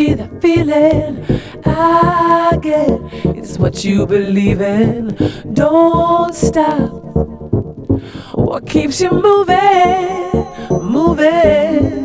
be that feeling I get. It's what you believe in. Don't stop. What keeps you moving, moving?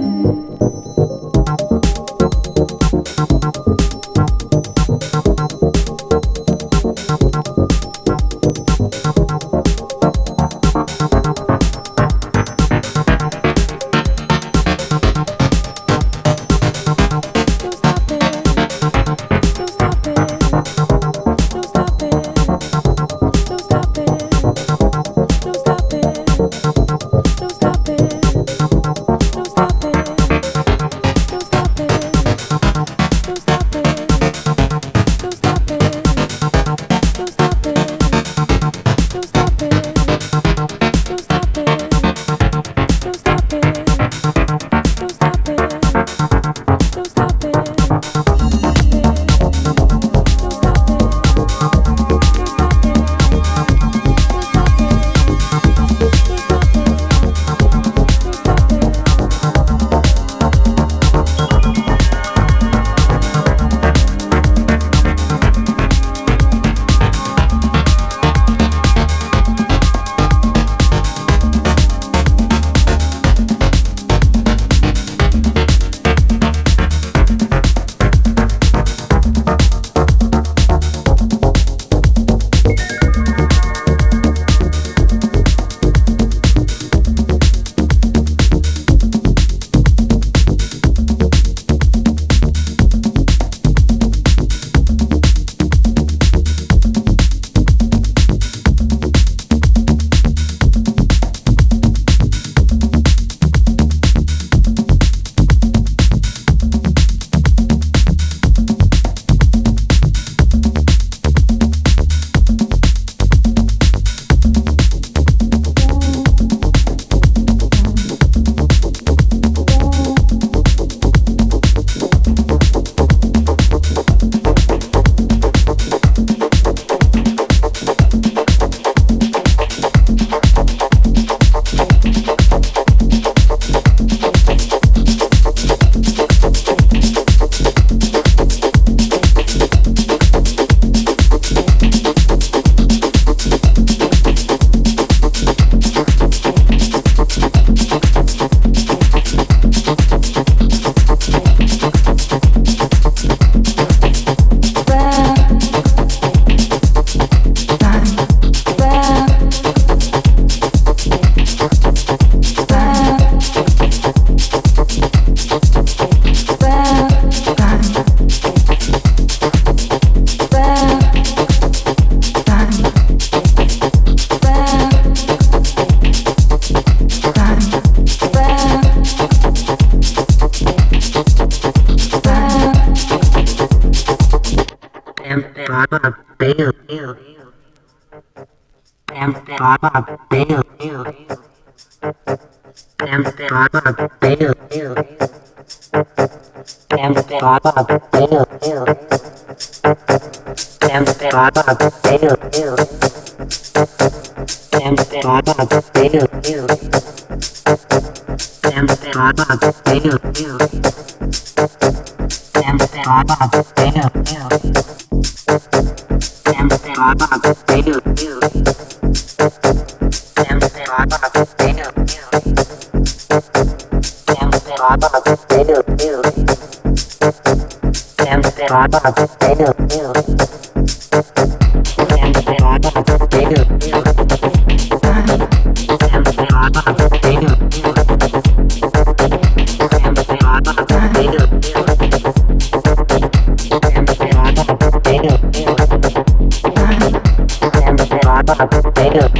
They do. I Damn.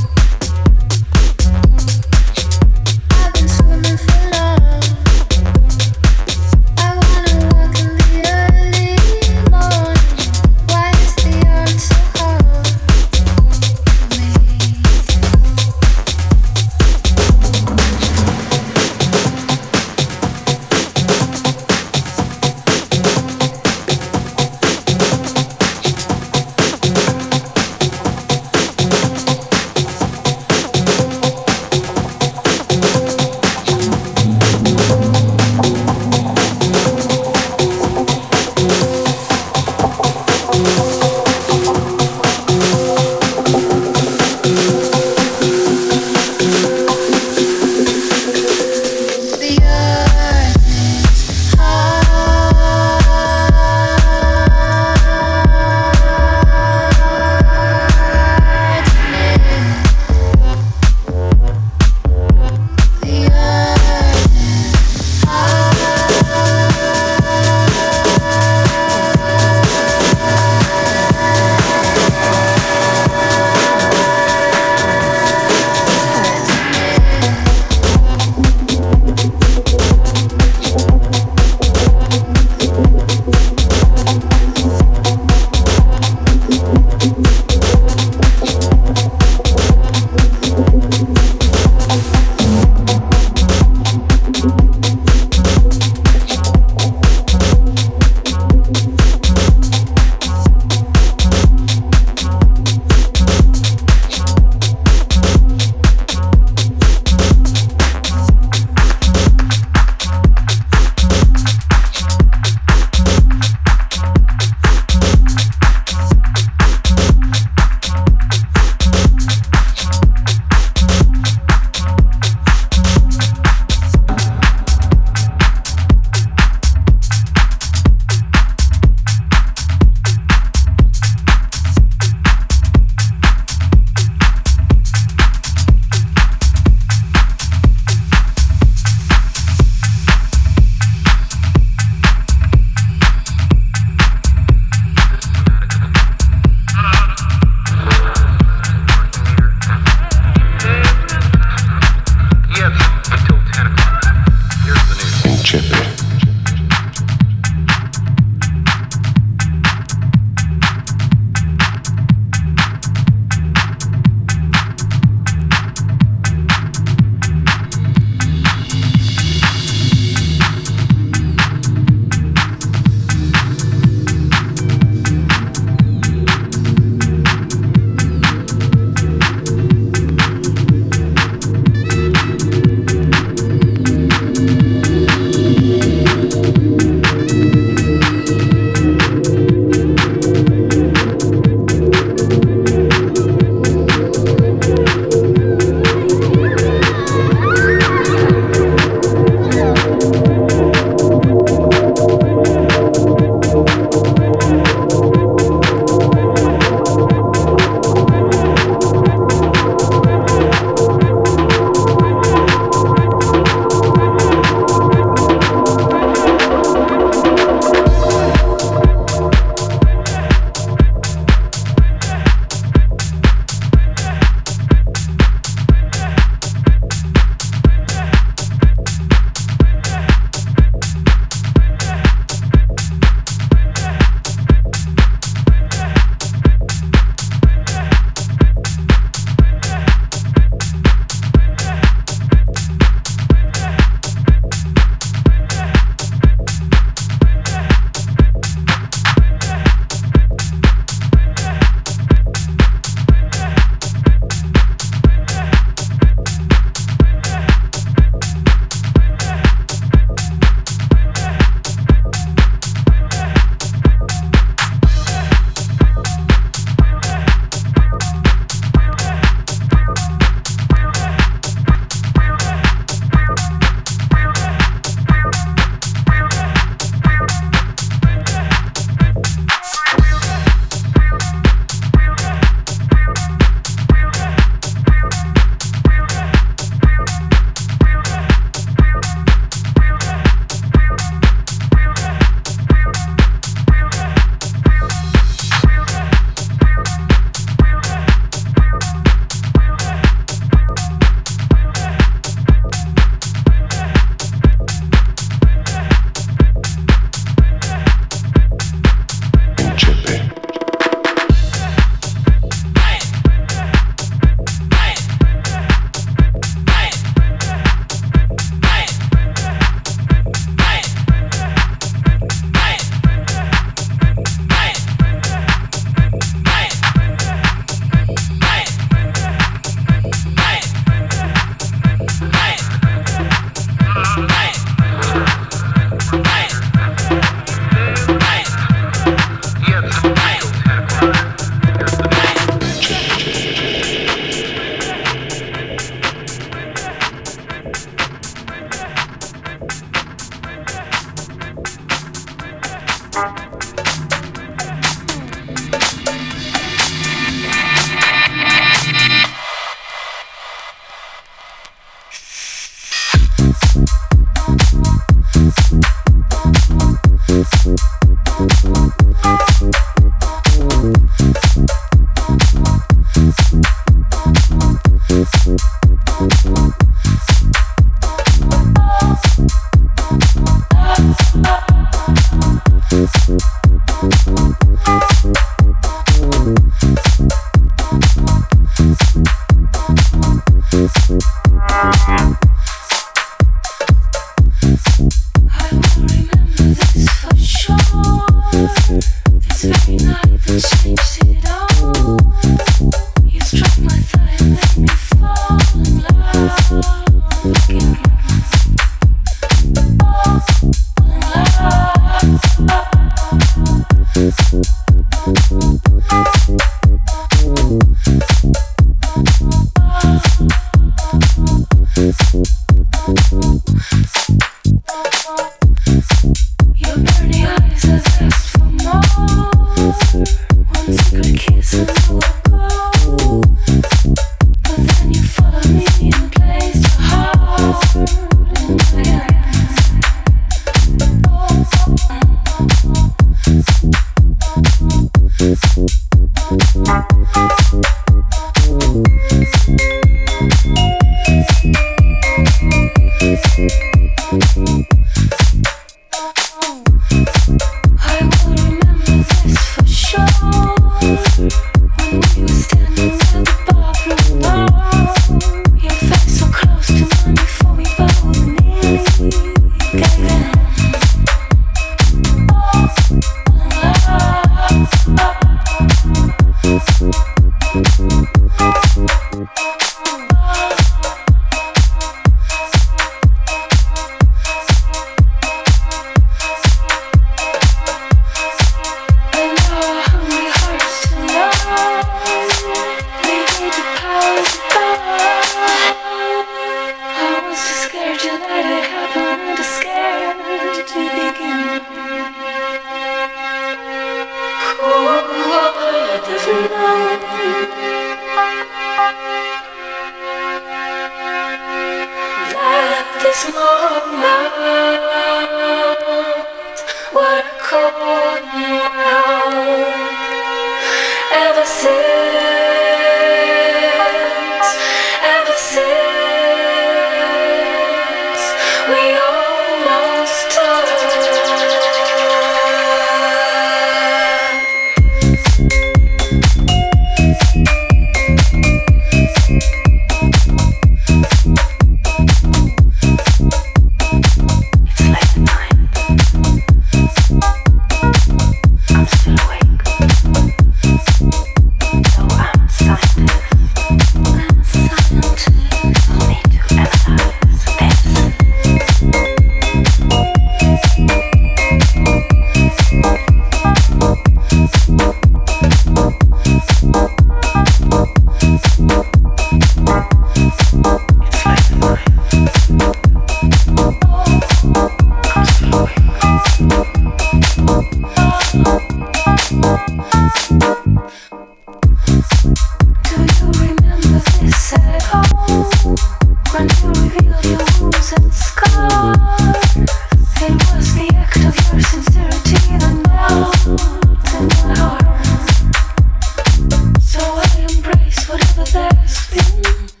Whatever there's been